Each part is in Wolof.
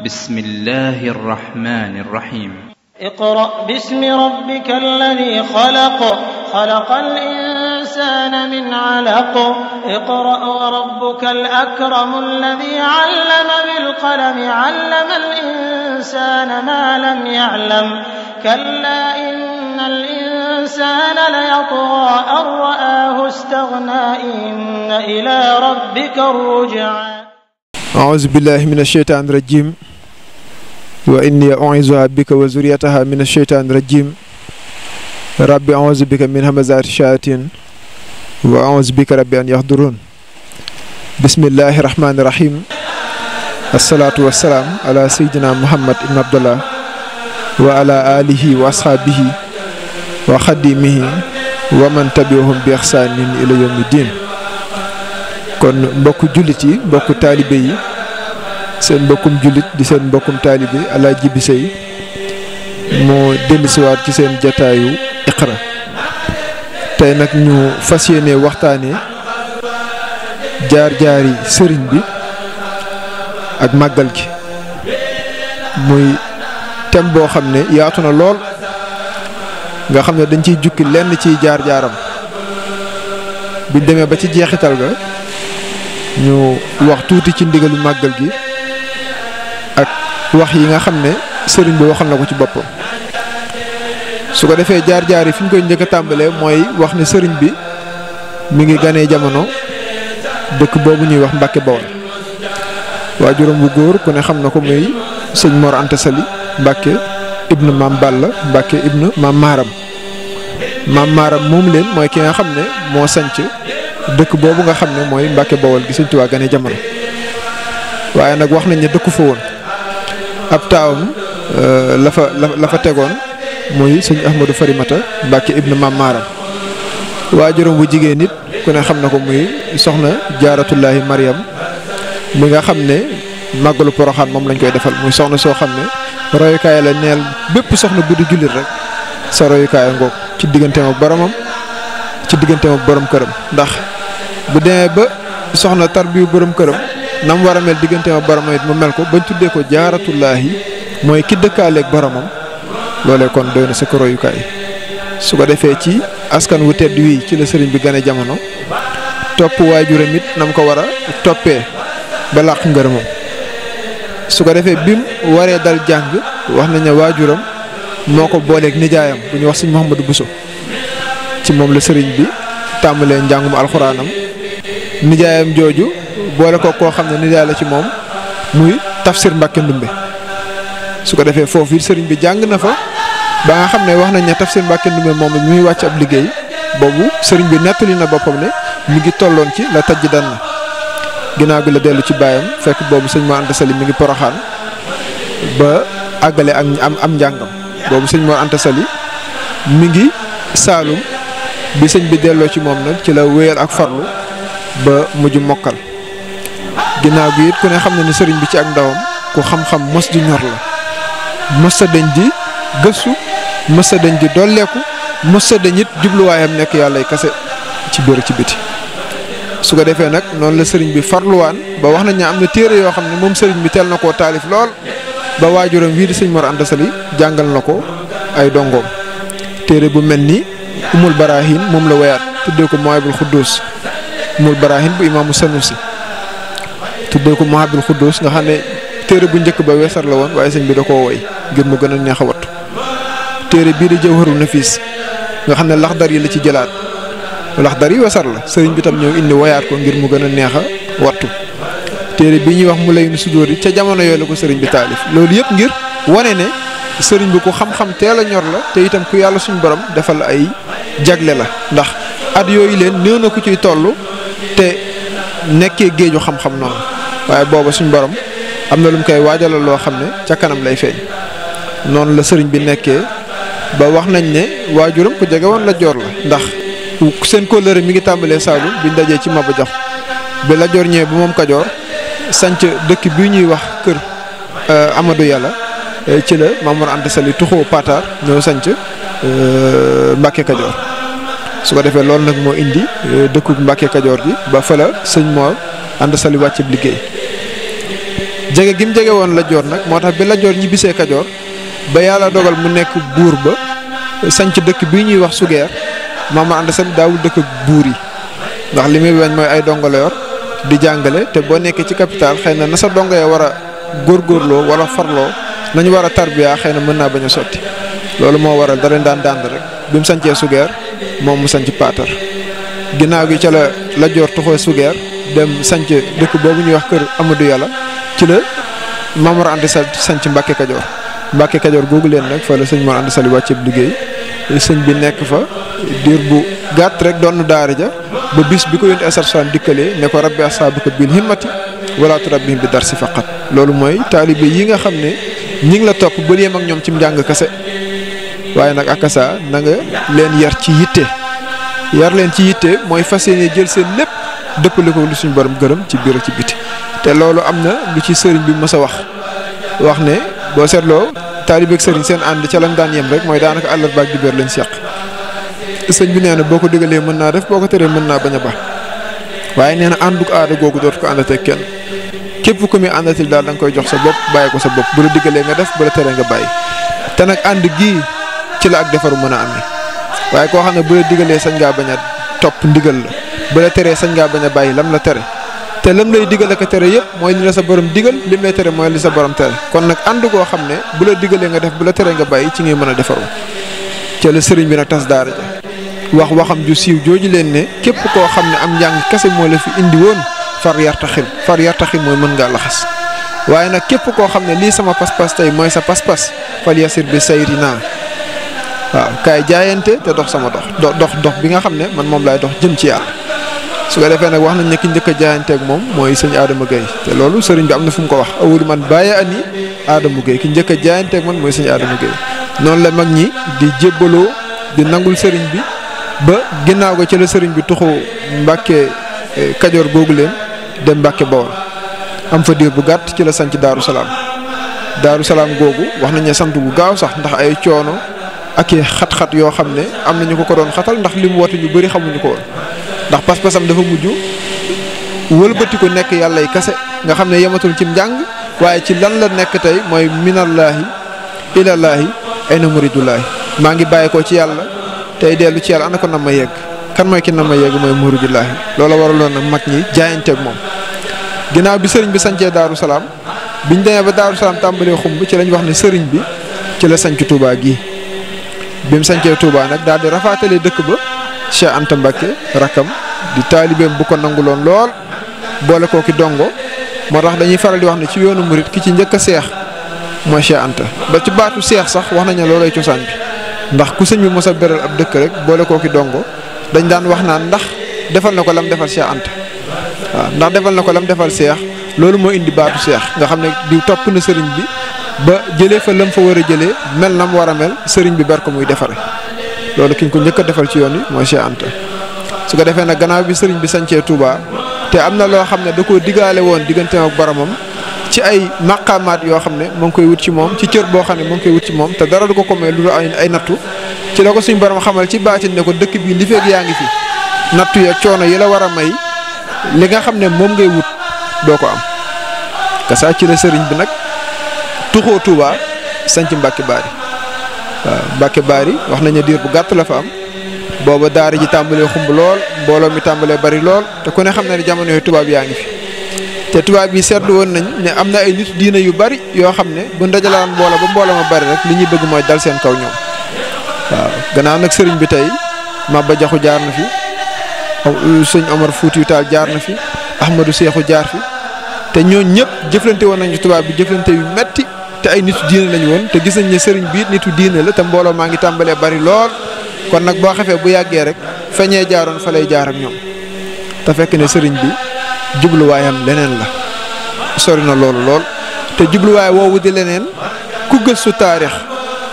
بسم الله الرحمن الرحيم اقرأ باسم ربك الذي خلق خلق الإنسان من علق اقرأ وربك الأكرم الذي علم بالقلم علم الإنسان ما لم يعلم كلا إن الإنسان ليطغى أن رآه استغنى إن إلى ربك الرجعان أعوذ بالله من الشيطان الرجيم وإني أعوذها بك وزريتها من الشيطان الرجيم ربي أعوذ بك من همزات الشياطين وأعوذ بك ربي أن يحضرون بسم الله الرحمن الرحيم الصلاة والسلام على سيدنا محمد بن عبد الله وعلى آله وأصحابه وخديمه ومن تبعهم بإحسان إلى يوم الدين kon mbokku jullit yi mbokku taalibe yi seen mbokkum jullit di seen mbokkum taalibe Alaaji Jibi Sey moo dellusiwaat ci seen jataayu Iqra tey nag ñu fas yéene waxtaanee jaar-jaari sëriñ bi ak màggal gi muy thème boo xam ne yaatu na lool nga xam ne dañ ciy jukki lenn ciy jaar-jaaram biñ demee ba ci jeexital ga ñu wax tuuti ci ndigalu màggal gi wax yi nga xam ne sëriñ bi waxal na ko ci boppam su ko defee jaar jaar yi fi ñu koy njëkk tàmbalee mooy wax ne sëriñ bi mi ngi ganee jamono dëkk boobu ñuy wax Mbàkke Bawol waajuram bu góor ku ne xam na ko muy sëñ Mor Anta Sali Mbàkke ibn maam Balla Mbàkke ibn maam Maaram maam Maaram moom leen mooy ki nga xam ne moo sanc dëkk boobu nga xam ne mooy Mbàkke Bawol gi sëñ Tuubaa ganee jamono waaye nag wax nañ ne dëkku fa woon ab taawam euh, la lafa la fa tegoon muy sëñ Ahmadou Farimata Mbàkke ibnu Maam waajuram bu jigéen nit ku ne xam na ko muy soxna jaaratullaahi Mariam mi nga xam ne màggalu poroxaan moom lañ koy defal muy soxna soo xam ne royukaay la neel bépp soxna bu di jullit rek sa royukaay ngoog ci digganteem ak boromam ci digganteem ak borom këram ndax bu demee ba soxna tarbiyu borom këram na mu war a mel diggante ma boromam it mu mel ko bañ tuddee ko jaaratullaahi mooy ki dëkkaaleek boromam loolee kon doy na sa royukaay su ko defee ci askan wu tedd wii ci la sëriñ bi gane jamono topp waajuram it nam ko war a toppee ba làq ngërëmam su ko defee bim waree dal jàng wax nañ ne waajuram moo ko booleeg nijaayam bu ñu wax sëñ Mouhamadou Bousso ci moom la sëriñ bi tàmbalee njàngum alxuraanam. nijaayam joju boole ko koo xam ne nijaay la ci moom muy tafsir mbàkke ndumbe su ko defee foofu it sëriñ bi jàng na fa ba nga xam wax nañ ne tafsir mbàkke ndumbe moom muy wàcc ab liggéey boobu sëriñ bi nettali na boppam ne mi ngi tolloon ci la tajj dan na ginnaaw gi la dellu ci baayam fekk boobu sëñ mo Anta Sali mi ngi poroxaan ba agale ak am am njàngam boobu sëñ mo Anta Sali mi ngi saalum bi sëñ bi delloo ci moom nag ci la wéyal ak farlu ba mujj mokkal ginnaaw gi it ku ne xam na ni sëriñ bi ci ak ndawam ku xam-xam mos di ñor la mos sa dañ di gëstu mos sa dañ di dolleeku mos sa dañ it jubluwaayam nekk yàllay kase ci biir ci biti su ko defee nag noonu la sëriñ bi farluwaan ba wax nañ ne am na téere yoo xam ne moom sëriñ bi teel na koo taalif lool ba waajuram wii di sëñ Mor Anta Sali jàngal na ko ay dongoom téere bu mel ni umul barahin moom la wayaat tuddee ko mooy bul xudduus mul baraahin bu Imam sanusi tudde ko muhabbil khudus nga xamne ne bu njëkk ba weesar la won waaye sëñ bi da ko woy gën neex di jawharu nafis nga xamne lakhdar leci yi la ci jëlaat Sering yi weesar la sëriñ bi tam ñew indi wayat ko ngir mu gëna neexa neex a wattu téere bi ñi wax mu lay nu ca jamono yoy la ko sëriñ bi talif loolu yëpp ngir wane ne sëriñ bi ko xam-xam teel ñor la té itam ku yalla suñu borom defal ay jaglé la ndax at yooyu leen néew na ku ciy toll te nekkee géeju xam-xam noonu waaye booba suñ borom am na lu mu koy waajalal loo xam ne ca kanam lay feeñ noonu la sëriñ bi nekkee ba wax nañ ne waajuram ku jege woon la la ndax seen kóllëre mi ngi tàmbalee Saalum bi ndajee ci Maba Jaxu bi la joor ñëwee ba moom Kajoor sanc dëkk bi ñuy wax kër euh, Amadou Yàlla euh, ci la Mamour Anta Sali tuxoo Pataar ñëw sanc euh, Mbàkke Kajoor su ko defee loolu nag indi eh, dëkkub mbàkke kajoor gi ba fala sëñ moo ànd sali wàccib liggéey jege gim jege woon la joor nag moo tax bi la joor ñibbisee kajoor ba yàlla dogal mu nekk buur ba ci dëkk bi ñuy wax sugeer maama ànd sali daawul dëkk buur yi ndax li muy bañ mooy ay dongo yor di jàngale te boo nekkee ci capital xëy na sa ya war a góorgóorloo wala farloo nañu war a tarbiyaa xëy na mën naa bañ a sotti loolu moo waral daan rek bi mu sancee moom mu sanc paatar ginnaaw gi ca la la joor tuxoo sugeer dem sanc dëkk boobu ñuy wax kër amadu Yàlla ci la Mamour Anta Sall sanc Mbàkke Kajoor Mbàkke Kajoor googu leen nag fa la sëñ Mor Anta Sall wàcceeb liggéey sëñ bi nekk fa diir bu gàtt rek doon daara ja ba bis bi ko yónni asar saan dikkalee ne ko rabbi asaabaka bil himmati wala turabbihim bi dar si faqat loolu mooy taalibe yi nga xam ne ñi ngi la topp ba yem ak ñoom ci njàng kase waye nak akasa na nga len yar ci yitte yar len ci yitte moy fasiyene jël sen lepp dëppale lu suñu borom gërëm ci biir ci biti té loolu amna lu ci sëriñ bi mësa wax wax né bo sétlo talib ak sëriñ sen and ci lañ daan yëm rek moy daanaka allah baak di béer lañ seq sëriñ bi néna boko dëgëlé mën na def boko téré mën na baña ba waye néna anduk aada gogu dort ko àndateeg kenn képp ku mi àndatil daal da nga koy jox sa bopp bàyyi ko sa bopp bu la digalee nga def bu la tëree nga bàyyi te nag ànd gii ci la ak defaru meuna am waye ko xamne ne bu le digalee sañ nga baña top ndigal la bu le téré sañ nga baña bayyi lam la téré té lam lay digal ka téré yépp moy li la sa borom digal lim lay téré moy li sa borom téré kon nak ànd goo xamne ne bu le digalee nga def bu le téré nga bayyi ci ngay meuna defaru ci la sëriñ bi na tas daara ja wax waxam ju siw jooju len ne képp ko xamne am jang kasse mo la fi indi won far far képp sama pass pass tay moy sa pass pass fal yasir bi sayrina waaw kaay jaayante te dox sama dox dox dox bi nga xam ne man moom laay dox jëm ci yàlla su ko defee nag wax nañ ne ki njëkk a jaayanteeg moom mooy sëñ Adama Gueye te loolu sëriñ bi am na fu ko wax awul man bàyyi ani Adama Gueye ki njëkk a jaayanteeg mooy sëñ Adama Gueye noonu la mag ñi di jébbaloo di nangul sëriñ bi ba ginnaaw ko ci la sëriñ bi tuxu Mbàkke eh, Kajoor googu leen dem Mbàkke Bawol am fa diir bu gàtt ci la sanc Daaru Salaam Daaru Salaam googu wax nañ ne sant bu gaaw sax ndax ay coono. ak i xat-xat yoo xam ne am na ñu ko doon xatal ndax li mu woote ñu bëri xamuñu ko woon ndax pas-pasam dafa mujj wëlbati ko nekk yàllay kase nga xam ne yematul ci njàng waaye ci lan la nekk tey mooy minallaahi ilallaahi ayna muridullaahi maa ngi bàyyi ko ci yàlla tey dellu ci yàlla ana ko na ma yegg kan mooy ki na ma yegg mooy la loola waraloon nag mag ñi jaayanteeg moom. ginnaaw bi sëriñ bi sancee Daaru Salaam ñu demee ba Daaru Salaam tàmbalee xumb ci lañ wax ne sëriñ bi ci la sanc Tuubaa gi bi mu sancee Touba nag daal di rafaatale dëkk ba Cheikh Anta Mbacke rakkam di taalibeem bu ko nanguloon lool boole koo ki dongo moo tax dañuy faral di wax ne ci yoonu murit ki ci njëkk a seex mooy Cheikh Anta ba ci baatu seex sax wax nañu loolay cosaan bi ndax ku sëñ bi mos a beral ab dëkk rek boole koo ki dongo dañ daan wax naan ndax defal na ko lam defal Cheikh Anta waa ndax defal na ko lam defal seex loolu moo indi baatu seex nga xam ne di topp na sëriñ bi ba jëlee fa lam fa war a jëlee mel na mu war a mel sëriñ bi ber ko muy defare loolu kiñ ko njëkk a defal ci yoon wi mooy Cheikh Anta su ko defee na gannaaw bi sëriñ bi sancee Touba te am na loo xam ne da ko digaale woon digganteem ak boromam ci ay maqaamaat yoo xam ne mu ngi koy wut ci moom ci cër boo xam ne mu ngi koy wut ci moom te dara du ko ko may lu ay ay nattu ci la ko suñ borom xamal ci baatin ne ko dëkk bii li yaa ngi fi nattu ya coono yi la war a may li nga xam ne moom ngay wut doo ko am kasaa ci la sëriñ bi nag. tuxoo Touba sanc Mbacke Bari waaw Mbacke Bari wax nañu ne diir bu gàtt la fa am booba daari ji tàmbalee xumb lool mbooloo mi tàmbalee bari lool te ku ne xam na ne jamono yooyu tubaab yaa ngi fi te tubaab yi seetlu woon nañ ne am na ay nit diina yu bari yoo xam ne bu ndajalaan mbooloo ba mbooloo ma bari rek li ñuy bëgg mooy dal seen kaw ñoom waaw gannaaw nag sëriñ bi tey Maba Jaxu jaar na fi sëñ Omar Foutiou Tall jaar na fi Ahmadou Seexu jaar fi te ñooñ ñëpp jëflante woon nañu tubaab bi jëflante yu metti te ay nitu diine lañu woon te gis nañ ne sëriñ bi nitu diine la te mbooloo maa ngi tàmbalee bari lool kon nag boo xefee bu yàggee rek feñee jaaroon fa lay jaar ak ñoom te fekk ne sëriñ bi jubluwaayam leneen la sori na loolu lool te jubluwaay woowu di leneen ku gëstu taarix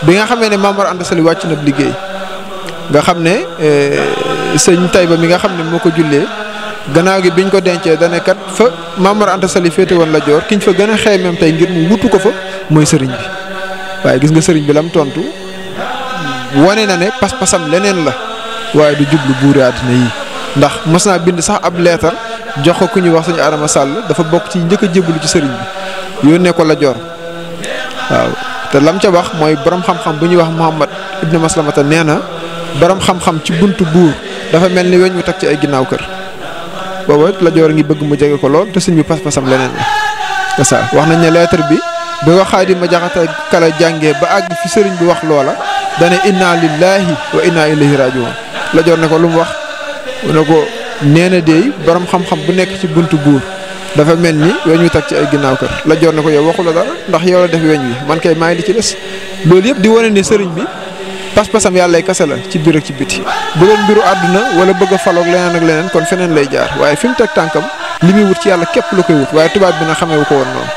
bi nga xamee ne Maam Mor Anta wàcc nag liggéey nga xam ne eh, sëñ Tayba mi nga xam ne moo ko jullee gannaaw gi biñ ko dencee dane kat fa Maam Mor Anta Sali féete woon la joor kiñ fa gën a xeemeem tey ngir mu wutu ko fa mooy sëriñ bi waaye gis nga sëriñ bi lam tontu wane na ne pas-pasam leneen la waaye du jublu buuri àddina yi ndax mas naa bind sax ab leetar jox ko ku ñuy wax suñu Adama Sall dafa bokk ci njëkk a jébbalu ci sëriñ bi yónnee ko la joor waaw te lam ca wax mooy borom xam-xam bu ñuy wax Muhammad ibn Maslamata nee na borom xam-xam ci buntu buur dafa mel ni weñ wu teg ci ay ginnaaw kër booba la joor ngi bëgg mu jege ko lool te sëriñ bi pas-pasam leneen la. bi ko xaadima jaxata kala jàngee ba àgg fi sëriñ bi wax loola dane inna lillahi wa inna ilayhi rajiun la joor ne ko lu mu wax ne ko nee na deey borom xam-xam bu nekk ci buntu buur dafa mel ni weñ wi tag ci ay ginnaaw kër la joor ne ko yow waxu la dara ndax yow la def weñ wi man kay maa ngi li ci des loolu yëpp di wane ne sëriñ bi pas-pasam yàlla lay kase la ci biir ak ci biti bu doon mbiru àdduna wala bëgg a faloog leneen ak leneen kon feneen lay jaar waaye fi mu teg tànkam li muy wut ci yàlla képp lu koy waaye tubaab bi na ko woon noonu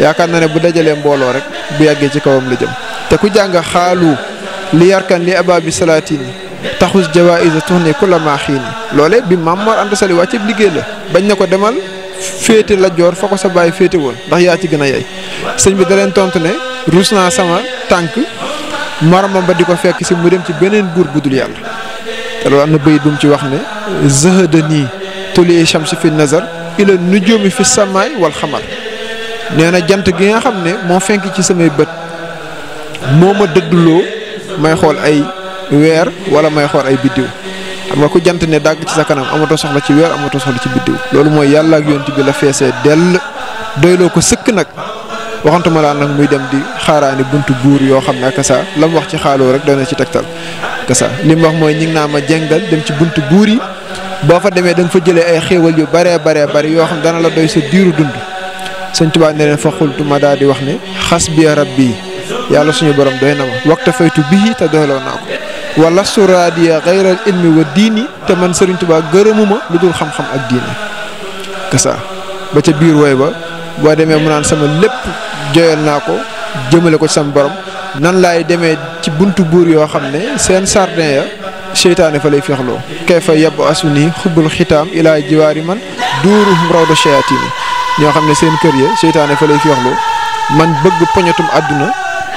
yaakaar na ne bu dajalee mbooloo rek bu yàggee ci kawam la jëm te ku jàng xaalu li yarkan li ababi salaatin taxus jawaïsa tuxni ku la maa xiini loole bi Maam Mor Anta Sali wàcceeb liggéey la bañ na ko demal féete la joor fa ko sa bàyyi féete woon ndax yaa ci gën a yey sëñ bi da tontu ne ruus naa sama tànk moromam ba di ko fekk si mu dem ci beneen buur budul yàlla te loolu am na bëyit bu ci wax ne zahada nii tuli chamsi fi nazar ila nujuumi fi samaay wal nee na jant gi nga xam ne moo fenk ci samay bët moo ma dëdduloo may xool ay weer wala may xool ay biddiw xam nga ku jant ne dàgg ci sa kanam amatoo soxla ci weer amatoo soxla ci biddiw loolu mooy yàlla ak yonent bi la feesee dell doyloo ko sëkk nag waxantuma laa nag muy dem di xaaraani bunt buur yoo xam ne ak saa la mu wax ci xaaloo rek doy na ci tegtal kasa li mu wax mooy ñi ngi naa ma jengal dem ci bunt buur yi boo fa demee da fa jëlee ay xéewal yu baree baree bari yoo xam dana la doy sa diiru dund sëñ Tuubaa ne leen fa xultu ma daal di wax ne xas bi bii yàlla suñu borom doy na ma waxta faytu bii te doyloo naa ko wala suraadiya xayral ilmi wa diini te man sëriñ Tuubaa gërëmuma lu dul xam-xam ak diini kasa ba ca biir woy ba boo demee mu naan sama lépp joyal naa ko jëmale ko ci sama borom nan lay demee ci buntu buur yoo xam ne seen sardin ya seytaane fa lay fexloo kay fa yab asu nii xubbul xitaam ilaa jiwaari man duuruhum rawda shayaatini ñoo xam ne seen kër ya seytaane fa lay fioxloo man bëgg poñatum àdduna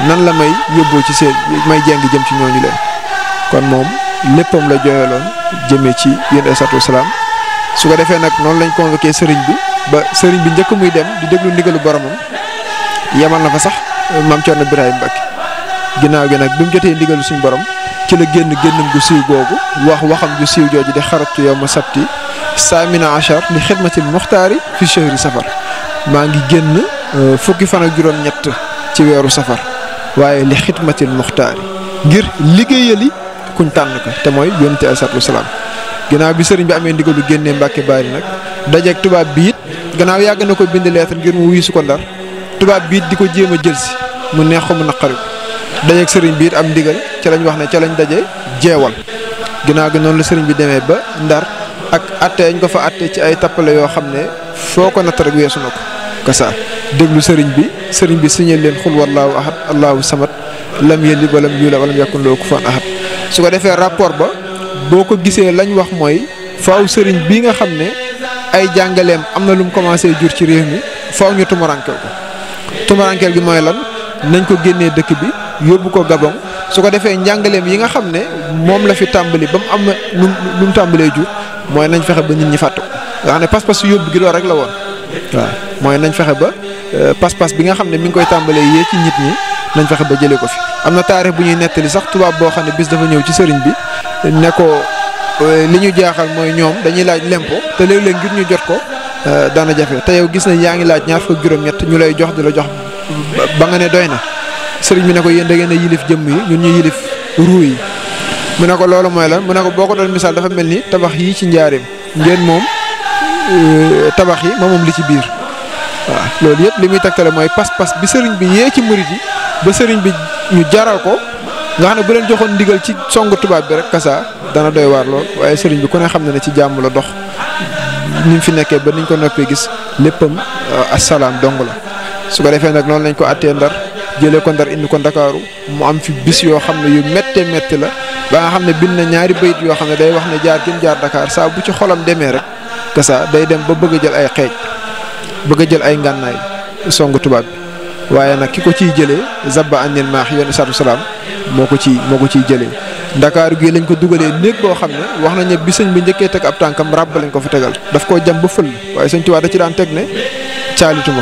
nan la may yóbboo ci seen may jàng jëm ci ñooñu leen kon moom léppam la jooyaloon jëmee ci yéen asatu salaam su ko defee nag noonu lañ convoqué sëriñ bi ba sëriñ bi njëkk muy dem di déglu ndigalu boromam yemal na fa sax euh, maam Thierno Birahim Mbacke ginnaaw gi nag bi mu jotee ndigalu suñu borom ci la génn génnam gu siiw boobu wax waxam gu siiw jooju di xaratu yow ma sabti saamina achar li xidmatil muxtaari fi chahri safar maa ngi génn euh, fukki fan ak juróom-ñett ci weeru safar waaye li xidmatil muxtaari ngir liggéeyali kuñ tànn ko te mooy yonte alayhi salaam ginnaaw bi sëriñ bi amee ndigalu génnee Mbàkke Baari nag dajeeg tubaab bi it gannaaw yàgg na ko bind lettre ngir mu wiisu ko ndar tubaab bi it di ko jéem a jël si mu neex ko mu naqari ko dajeeg sëriñ bi it am ndigal ca lañ wax ne ca lañ daje jeewal ginnaaw gi noonu la bi demee ba ndar. ak atté ñu ko fa atté ci ay tapalé yo xamné foko na ko natt nako weesu déglu sëriñ bi sëriñ bi siñel leen khul wallahu ahad allahu samad lam yelli ba lam yula walam yakun loo ko ahad su ko défé rapport ba boko gisé lañ wax moy faaw sëriñ bi nga xamné ay jangalem amna lu mu commencé jur ci réew mi faaw ñu tumarankel ko tumarankel gi moy lan nañ ko génné dëkk bi yobbu ko gabon su ko défé njàngaleem yi nga xamné mom la fi tambali bam am lu mu jur mooy nañ fexe ba nit ñi fàttu nga xam ne pas-pas su rek la woon waaw mooy nañ fexe ba euh, pas-pas bi nga xam ne mi ngi koy tàmbalee yee ci nit ñi nañ fexe ba jëlee ko fi. am na taarix bu ñuy nettali sax tubaab boo xam ne bis dafa ñëw ci sëriñ bi ne ko euh, li ñu jaaxal mooy ñoom dañuy laaj lempo te léeg-léeg ngir ñu jot ko euh, daana jafe te yow gis nañ yaa ngi laaj ñaar fukk juróom-ñett ñu lay jox di la jox ba nga ne doy na sëriñ bi ne ko yéen da ngeen a yilif jëm yi ñun ñu yilif ruu yi mu ko lan mu ko boko ko misal dafa melni ni tabax yi ci ndiarim ngeen mom euh, tabax yi mom mom li ci bir waaw loolu yëpp li muy pas-pas bi serigne bi ye ci mouride yi ba serigne bi ñu jaral ko nga xam bu len joxon ndigal ci songu tuba bi rek kasa dana doy war lol waye serigne bi ku ne xam na ci jamm la dox nim fi nekké ba niñ ko noppé gis leppam euh, assalam dong la su ko defé nak non lañ ko atté ndar jëlee ko ndar indi ko ndakaaru mu am fi bis yoo xam ne yu métte métti la ba nga xam ne bind na ñaari bayit yoo xam ne day wax ne jaar jëm jaar Dakar saa bu ci xolam demee rek kasa day dem ba bëgg a jël ay xeej bëgg a jël ay ngànnaay songu tubaab bi waaye nag ki ko ciy jëlee zabba andeen maax yoon isaatu salaam moo ko ciy moo ko ciy jëlee ndakaaru gii lañ ko dugalee néeg boo xam ne wax nañ ne bi sëñ bi njëkkee teg ab tànkam ràbb lañ ko fa tegal daf koo jam ba fël waaye sëñ Tuubaa da ci daan teg ne caalituma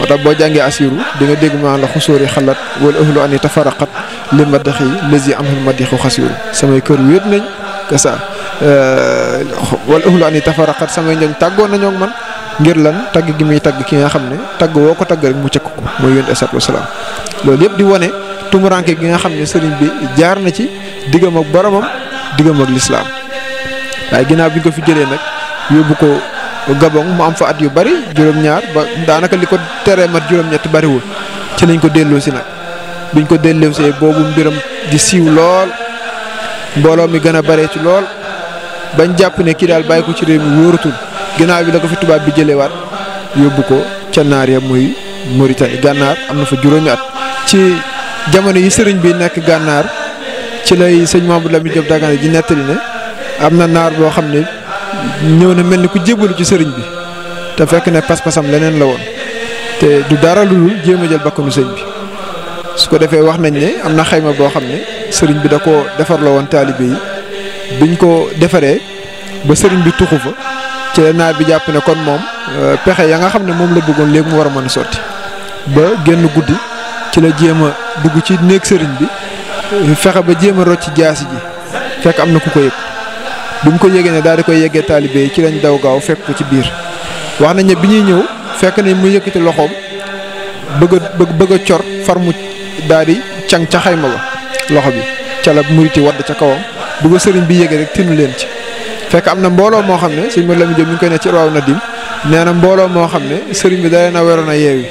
moo tax boo jàngee asiru di nga dégg maa la xusóori xalat wala ahlu ani tafaraqat li madaxi lësi am xel madixu xasiru samay kër wéet nañ que ça euh, wala ahlu ani tafaraqat samay njañ tàggoon nañoo ak man ngir lan tagg gi muy tagg ki nga xam ne tagg woo ko tagg rek mu cëkk ko mooy yónni asalaatu wasalaam loolu yëpp di wane tumuranke gi nga xam ne sëriñ bi jaar na ci diggam ak boromam diggam ak lislaam waaye ginnaaw bi ko fi jëlee nag yóbbu ko Gabon mu am fa at yu bari juróom-ñaar ba daanaka li ko teree mat juróom-ñetti bariwul ci lañ ko delloo si nag biñ ko delloo boobu mbiram di siiw lool mbooloo mi gën a baree ci lool bañ jàpp ne kii daal bàyyi ko ci réew mi wóoratul ginnaaw bi la ko fi tubaab bi jëlewaat yóbbu ko ca naar ya muy Mauritanie gànnaar am na fa juróomi at ci jamono yi sëriñ bi nekk gànnaar ci lay sëñ Mamadou Lamine Diop Dagana ji nettali ne am na naar boo xam ne ñëw na mel ni ku jébbalu ci sëriñ bi te fekk ne pas-pasam leneen la woon te du dara lu dul jéem a jël bakkanu sëñ bi su ko defee wax nañ ne am na xayma boo xam ne sëriñ bi da ko defar la woon taalibe yi biñ ko defaree ba sëriñ bi tuxu fa ci la naar bi jàpp ne kon moom euh, pexe ya nga xam ne moom la bëggoon léegi mu war a mën a sotti ba génn guddi ci la jéem a dugg ci néeg sëriñ bi fexe ba jéem a rocc jaasi ji fekk am na ku ko yëg bi mu ko yégee ne daal di koy yeggee taalibe yi ci lañ daw gaaw fekk ko ci biir wax nañ ne bi ñuy ñëw fekk nañ mu yëkkati loxoom bëgg a bëgg a cor far mu daal di ca xayma loxo bi ca la muriti wadd ca kawam bu ko sëriñ bi yégee rek tinu leen ci fekk am na mbooloo moo xam ne suñ ma lami jëm mi ngi koy ne ci raw na dim nee na mbooloo moo xam ne sëriñ bi da na a weroon a yeewi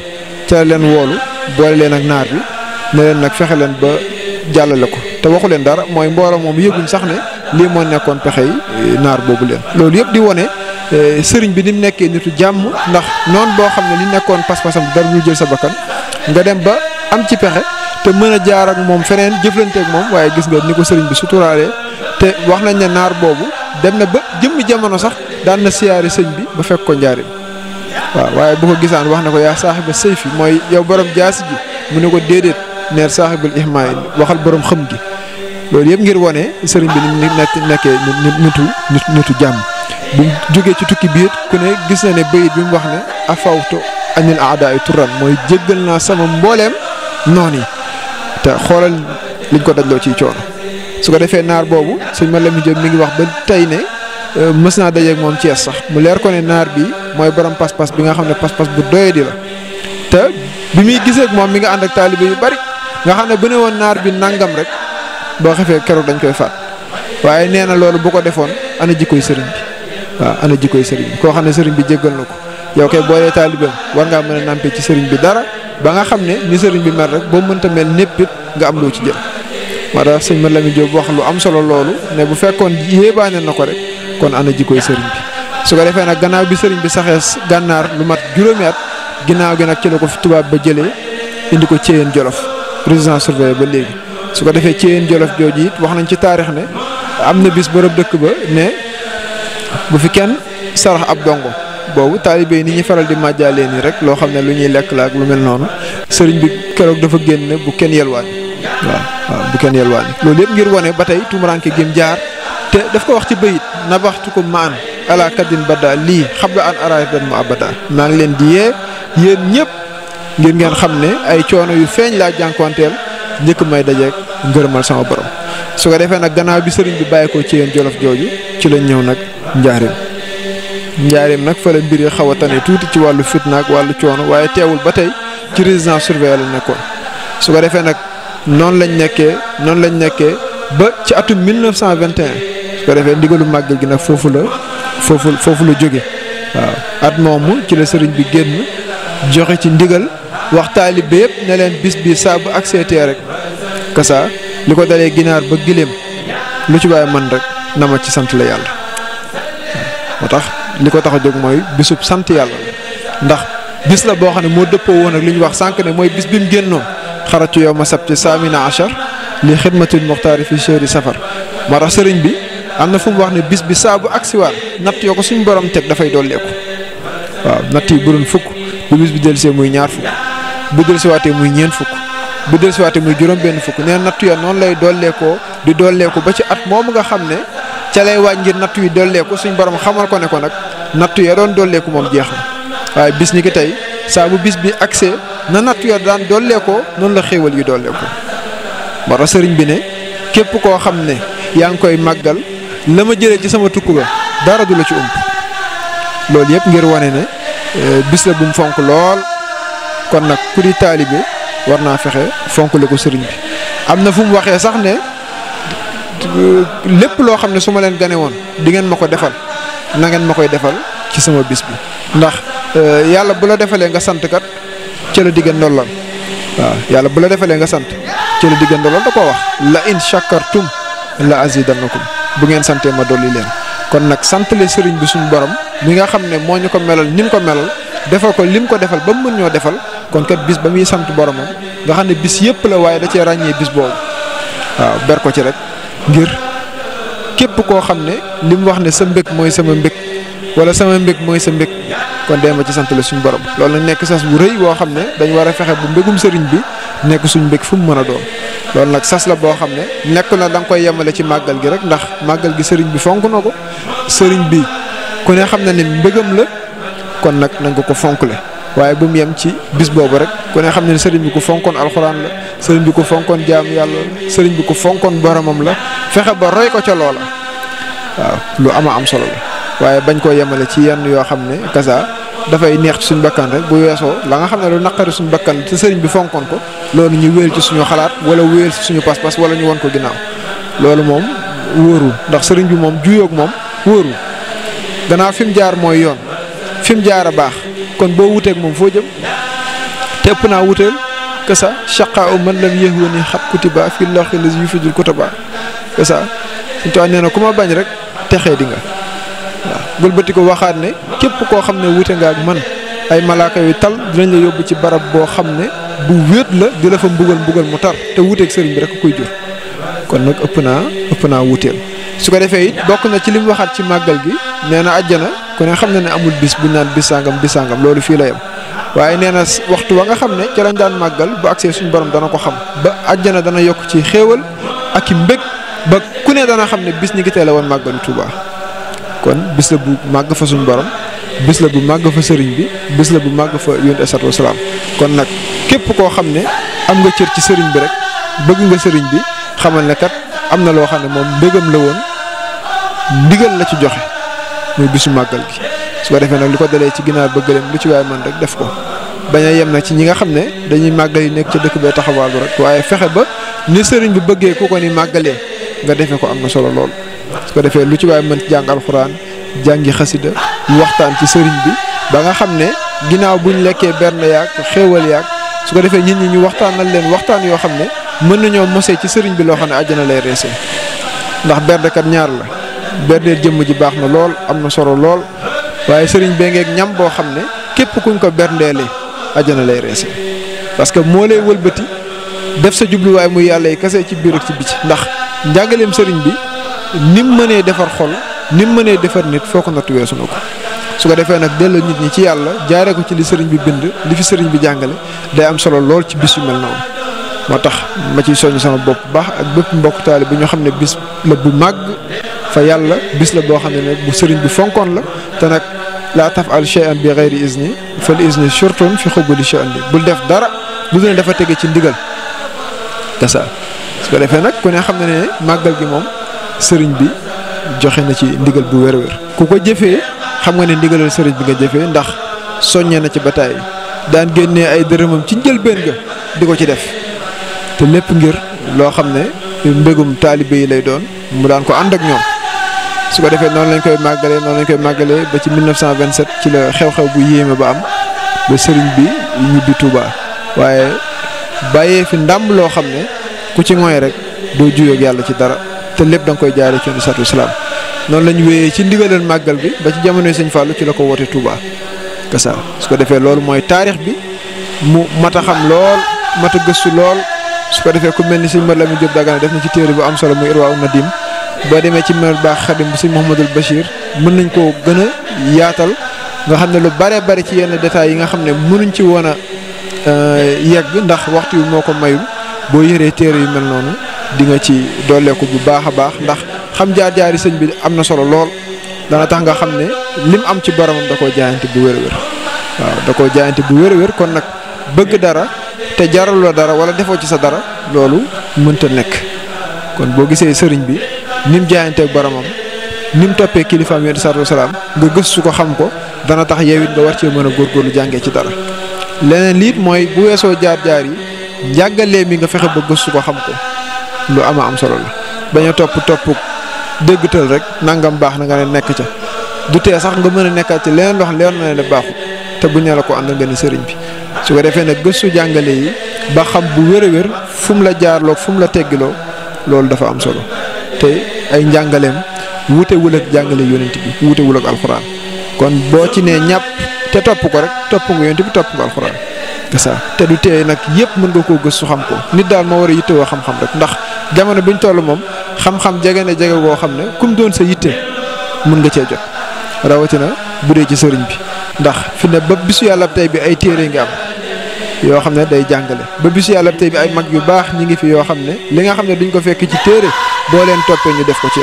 ca leen woolu boole leen ak naar bi ne leen nag fexe leen ba jàllale ko te waxu leen dara mooy mbooloo moom yëguñ sax ne lii moo nekkoon pexe yi eh, naar boobu leen loolu yëpp di wone eh, sëriñ bi ni mu nekkee nitu jàmm ndax noonu boo xam ne li nekkoon pas-pasam dara du jël sa bakkan nga dem ba am ci pexe te mën a jaar ak moom feneen jëflante ak moom waaye gis nga ni ko sëriñ bi suturaalee te wax nañ ne naar boobu dem na ba jëmm jamono sax daan na siyaare sëñ bi ba fekk ko njaarim waaw waaye bu ko gisaan wax na ko yaa saaxiba sëy fi mooy yow borom jaasi ji mu ne ko déedéet neer saaxibul ihmaa waxal borom xam gi loolu yëpp ngir wone sëriñ bi ni nekk nekkee nitu nitu jàmm bu jógee ci tukki biir ku ne gis na ne bayit bi mu wax ne afawtu anil aada ay turan mooy jéggal naa sama mbooleem noon yi te xoolal liñ ko dajloo ciy coono su ko defee naar boobu suñ ma lami jëm mi ngi wax ba tey ne euh, mës naa dajeeg moom Cees sax mu leer ko ne naar bi mooy borom pas-pas bi nga xam ne pas-pas bu doye di la te bi muy gisee moom mi nga ànd ak taalibe yu bari nga xam ne bu woon naar bi nangam rek boo xefee keroog dañ koy faat waaye nee na loolu bu ko defoon ana jikkoy sëriñ bi waaw ana jikkoy sëriñ bi koo xam ne sëriñ bi jéggal na ko yow koy boo dee taalibeem war ngaa mën a nàmpee ci sëriñ bi dara ba nga xam ne ni sëriñ bi mel rek boo mënta mel népp nga am loo ci jël. moo tax sëñ Ma Lamine Diop wax lu am solo loolu ne bu fekkoon yéebaane na ko rek kon ana jikkoy sëriñ bi su ko defee nag gannaaw bi sëriñ bi saxee gànnaar lu mat juróomi ginnaaw gi nag ci ko fi tubaab ba jëlee indi ko Thiéyène Jolof résidence surveillée ba léegi. su ko defee ceen jolof jooju it wax nañ ci taarix ne am na bis bërëb dëkk ba ne bu fi kenn sarax ab dongo boobu taalibe yi ni ñuy faral di màjjaalee nii rek loo xam ne lu ñuy lekk la ak lu mel noonu sëriñ bi keroog dafa génn bu kenn yelwaani waaw waaw bu kenn yelwaani loolu yëpp ngir wone ba tey tumuranke gém jaar te daf ko wax ci bayit nabaxtu ko maan ala kaddin badda lii xabla an araayif dan mu abada maa ngi leen di yee yéen ñëpp ngir ngeen xam ne ay coono yu feeñ laa jànkuwanteel njëkk may dajeeg ngërëmal sama borom su ko defee nag gannaaw bi sëriñ bi bàyyi ko ci yéen jolof jooju ci lañ ñëw nag njaarim njaarim nag fa la mbir yi xaw a tane tuuti ci wàllu fitna ak wàllu coono waaye teewul ba tey ci résidence surveillée la nekkoon su ko defee nag noonu lañ nekkee noonu lañ nekkee ba ci atum 1921 su ko defee ndigalu màggal gi nag foofu la foofu foofu la jóge waaw at moomu ci la sëriñ bi génn joxe ci ndigal. wax taalib bi yëpp ne leen bis bi saa bu accepté rek kasa li ko dalee ginaar ba giléem lu ci waaye man rek na ma ci sant la yàlla moo tax li ko tax a jóg mooy bisub sant yàlla ndax bis la boo xam ne moo dëppoo woon ak li ñu wax sànq ne mooy bis bi mu génnoon xaratu yow ma sabti saamina achar li xidmatul muxtaari fi chehri safar moo tax sëriñ bi am na fu mu wax ne bis bi saa bu agsiwaat natt yoo ko suñu borom teg dafay dolleeku waaw natt yi bu fukk bu bis bi dellusee muy ñaar fukk bu dellusiwaatee muy ñeent fukk bu dellusiwaatee muy juróom-benn fukk nee nattu ya noonu lay dolleekoo di dolleeku ba ci at moomu nga xam ne ca lay wàññi nattu yi dolleeku suñ borom xamal ko ne ko nag nattu ya doon dolleeku moom jeex na waaye bis ni ki tey saa bu bis bi accès na nattu ya daan dolleekoo noonu la xéewal yi dolleeku. bara sëriñ bi ne képp koo xam ne yaa ngi koy màggal la ma jëlee ci sama tukku ba dara du la ci ump loolu yëpp ngir wane ne eh, bis la bu mu fonk lool. kon nag ku di taalibe war naa fexe fonk la ko sëriñ bi am na fu mu waxee sax ne lépp loo xam ne su ma leen gane woon di ngeen ma ko defal na ngeen ma koy defal ci sama bis bi ndax euh, yàlla bu la defalee nga sant kat ci la diggan ndollal waaw yàlla bu la defalee nga sant ci la diggan ndollal da ko wax la in shakartum la azidannakum bu ngeen santee ma dolli leen kon nag sant le sëriñ bi suñu borom mi nga xam ne moo ñu ko melal ni mu ko melal defal ko li mu ko defal ba mu mën ñoo defal kon kat bis ba muy sant boromam nga xam ne bis yëpp la waaye da cee ràññee bis boobu waaw ber ko ci rek ngir képp koo xam ne mu wax ne sa mbëgg mooy sama mbëgg wala sama mbëgg mooy sa mbëgg kon dee ma ci sant la suñu borom loolu nag nekk sas bu rëy boo xam ne dañ war fexe bu mbëggum sëriñ bi nekk suñu mbëgg fu mu mën a doon loolu nag sas la boo xam ne nekk na danga koy yemale ci màggal gi rek ndax màggal gi sëriñ bi fonk na ko sëriñ bi ku xam na ne mbëggam la kon nag nañ ko ko le waaye bu mu yem ci bis boobu rek ku ne xam ne sëriñ bi ko fonkoon alxuraan la sëriñ bi ko fonkoon jaamu yàlla la sëriñ bi ko fonkoon boromam la fexe ba roy ko ca loola waaw lu ama am solo waaye bañ koo yemale ci yenn yoo xam ne kasa dafay neex suñu bakkan rek bu weesoo la nga xam ne lu naqari suñu bakkan te sëriñ bi fonkoon ko loolu ñu wéel ci suñu xalaat wala wéel ci suñu pas-pas wala ñu won ko ginnaaw loolu moom wóorul ndax sëriñ bi moom juyoog moom wóorul gannaaw fi mu jaar mooy yoon. fi mu jaar a baax kon boo wuteek moom foo jëm te ëpp naa wuteel kasa la u man lam yahwani xab kutiba fi lawxi lazi yufidul kutaba kasa suñu tubaab nee na ku ma bañ rek texe di nga waaw gëlbati ko waxaat ne képp koo xam ne wute nga ak man ay malaaka yu tal dinañ la yóbbu ci barab boo xam ne bu wéet la di la fa mbugal mbugal mu tar te wuteeg sëriñ bi rek koy jur kon nag ëpp naa ëpp naa wuteel su ko defee it bokk na ci li mu waxaat ci màggal gi nee na àjjana ku xam na ne amul bis bu naan bis sangam loolu fii la yem waaye nee na waxtu wa nga xam ne ci lañ daan màggal bu agsee suñu borom dana ko xam ba àjjana dana yokk ci xéewal ak i mbég ba ku dana xam ne bis ñi ngi teel a woon màggalu Touba kon bis bu màgg fa suñu borom bis bu màgg fa sëriñ bi bis la màgg fa yónni asatu kon nag képp koo xam ne am nga cër ci sëriñ bi rek bëgg nga sëriñ bi xamal ne kat am na loo xam ne moom mbégam la woon ndigal la ci joxe. muy bisu magal gi su ko defé nak liko dalé ci ginaar bëggaleem lu ci way man rek def ko baña yem nak ci ñi nga xamné dañuy magal yi nek ci dëkk bi taxawal rek waye fexé ba ni sëriñ bi bëggé ku ko ni magalé nga defé ko amna solo lool su ko defé lu ci man jang alcorane jangi khassida yu waxtaan ci sëriñ bi ba nga xamné ginaaw buñ lekkee bern yaag xéewal yaag su ko defé nit ñi ñu waxtaanal leen waxtaan yo xamné ne mën nañoo mosee ci sëriñ bi lo xamné aljana lay réssé ndax berde kat ñaar la berdeel jëmm ji baax na lool am na solo lool waaye sëriñ bee ngeeg ñam boo xam ne képp kuñ ko berndeele ajana lay reese parce que moo lay wëlbati def sa jubluwaay muy yàlla yi kese ci biir bi ci bitti ndax njàngaleem sëriñ bi nim mënee defar xol nim mënee defar nit foo ko natt weesu na ko su ko defee nag delloo nit ñi ci yàlla jaaree ko ci li sëriñ bi bind li fi sëriñ bi jàngale day am solo lool ci bis yu mel noonu moo tax ma ciy soññ sama bopp baax ak bépp mbokk taali bi ñoo xam ne bis la bu màgg fa yàlla bis la boo xam ne nag bu sëriñ bi fonkoon la te nag laa taf al shay'an bi ghayri isni fal izni shurtun fi xubuli shay'an bi bul def dara lu dul dafa tege ci ndigal kasa su ko defee nag ku ne xam ne ne màggal gi moom sëriñ bi joxe na ci ndigal bu wér-wér ku ko jëfee xam nga ne ndigalal sëriñ bi nga jëfee ndax soññee na ci bataay daan génnee ay dërëmam ci njëlbeen ga di ko ci def te lépp ngir loo xam ne mbégum taalibe yi lay doon mu daan ko ànd ak su ko defee noonu lañ koy màggalee noonu lañ koy màggalee ba ci 1927 ci la xew-xew bu yéeme ba am ba sëriñ bi di tuubaa waaye bàyyee fi ndàmb loo xam ne ku ci mooy rek doo juyoo ak yàlla ci dara te lépp da nga koy jaaree ci satu salaam noonu lañ wéyee ci ndigalal màggal bi ba ci jamono sëñ Fallou ci la ko woote Touba kasaar su ko defee loolu mooy taarix bi mu mat a xam lool mat a gëstu lool su ko defee ku mel ni sëñ Mor Lamine Diop Dagana def ci téere bu am solo muy Irwa Nadim boo demee ci mel baax xadim sëñ Mouhamadul Bachir mën nañ koo gën a yaatal nga xam ne lu bare bari ci yenn détails yi nga xam ne mënuñ ci woon a euh, yegg ndax waxtu wi moo ko mayul boo yéree téere yu mel noonu di nga ci dooleeku bu baax a baax ndax xam jaar-jaari sëñ bi am na solo lool dana tax nga xam ne lim am ci boromam da koo jaayante bu wér-wér waaw da koo jaayante bu wér-wér kon nag bëgg dara te jaraloo dara wala defoo ci sa dara loolu mënta nekk kon boo gisee sëriñ bi. ni mu jaayanteeg boromam ni mu toppee kilifaam yonent salaatu wasalaam nga gëstu ko xam ko dana tax yow nga war cee mën a góorlu jàngee ci dara. leneen liit mooy bu weesoo jaar-jaar yi njàngalee mi nga fexe ba gëstu ko xam ko lu ama am solo la bañ a topp topp déggtal rek nangam baax na nga ne nekk ca du tee sax nga mën a nekkaat ci leneen wax leer na ne baaxul te bu ñu la ko àndal nga ni sëriñ bi su ko defee ne gëstu jàngale yi ba xam bu wér a wér fu mu la jaarloo fu la teggiloo loolu dafa am solo. te ay njàngaleem wutewul ak jàngale yonent bi wutewul ak alxuraan kon boo ci nee ñàpp te topp ko rek topp nga yonent bi topp nga alxuraan ça te du tee nag yëpp mën nga koo gëstu xam ko nit daal moo war a yittewoo xam-xam rek ndax jamono bi ñu toll moom xam-xam jege na jege goo xam ne kum doon sa yitte mën nga cee jot rawatina bu dee ci sëriñ bi ndax fi ne ba bisu yàlla tey bi ay téere nga am yoo xam ne day jàngale ba bisu yàlla tey bi ay mag yu baax ñi ngi fi yoo xam ne li nga xam ne duñ ko fekk ci téere boo leen toppee ñu def ko ci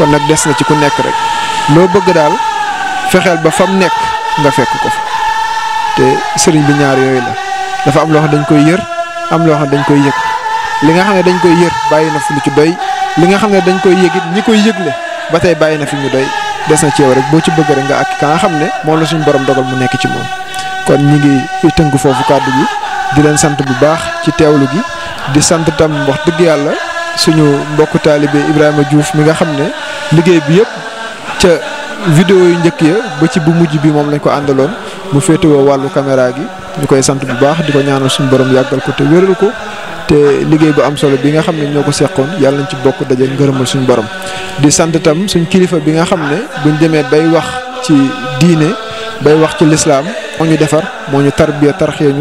kon nag des na ci ku nekk rek loo bëgg daal fexeel ba fam nekk nga fekk ko te sëriñ bi ñaar yooyu la dafa am loo xam dañ koy yër am loo xam dañ koy yëg li nga xam ne dañ koy yër bàyyi na fi lu ci doy li nga xam ne dañ koy yëg it ñi koy yëgle ba tey bàyyi na fi ñu doy des na ci yow rek boo ci bëgg rek nga ak ka nga xam ne moom la suñu borom dogal mu nekk ci moom kon ñi ngi tënk foofu kàddu gi di leen sant bu baax ci teewlu gi di sant tam wax dëgg yàlla suñu mbokk talibé Ibrahima Diouf mi nga xamné liggéey bi yépp ca vidéo yu njëkk ya ba ci bu mujj bi moom lañ ko àndaloon mu féetewoo wàllu caméra gi ñu koy sant bu baax di ko ñaanal suñu borom yàggal ko te wéral ko te liggéey bu am solo bi nga xam ne ñoo ko seqoon yàlla nañ ci bokk daje ngërëmal suñu borom di sant tam suñu kilifa bi nga xam ne buñ demee bay wax ci diine bay wax ci lislaam moo ñu defar moo ñu tarbiya tarxee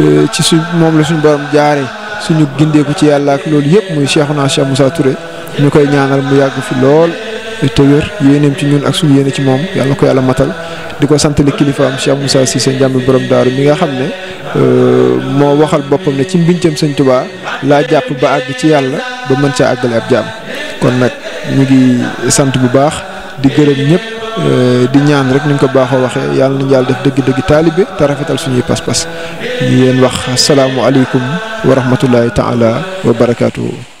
euh, ci moom la suñu borom jaaree su suñu gindeeku ci yàlla ak loolu yëpp muy Cheikhuna Cheikh Moussa Touré ñu koy ñaanal mu yàgg fi lool te wér yéeneem ci ñun ak suñu yéene ci moom yàlla ko yàlla matal di ko santale kilifaam Cheikh Moussa Cissé njàmbi borom daaru mi nga xam ne euh, moo waxal boppam ne ci mbincam sëñ Tuubaa laa jàpp ba àgg ci yàlla ba mën caa àggale ab jaam kon nag ñu ngi sant bu baax di gërëm ñëpp Eh, di ñaan rek nu nga ko baaxoo waxee yàlla nañu yàlla def dégg dégg taalibe te rafetal suñuy pas-pas ñu leen wax asalaamualeykum wa rahmatullahi taala wa barakaatu.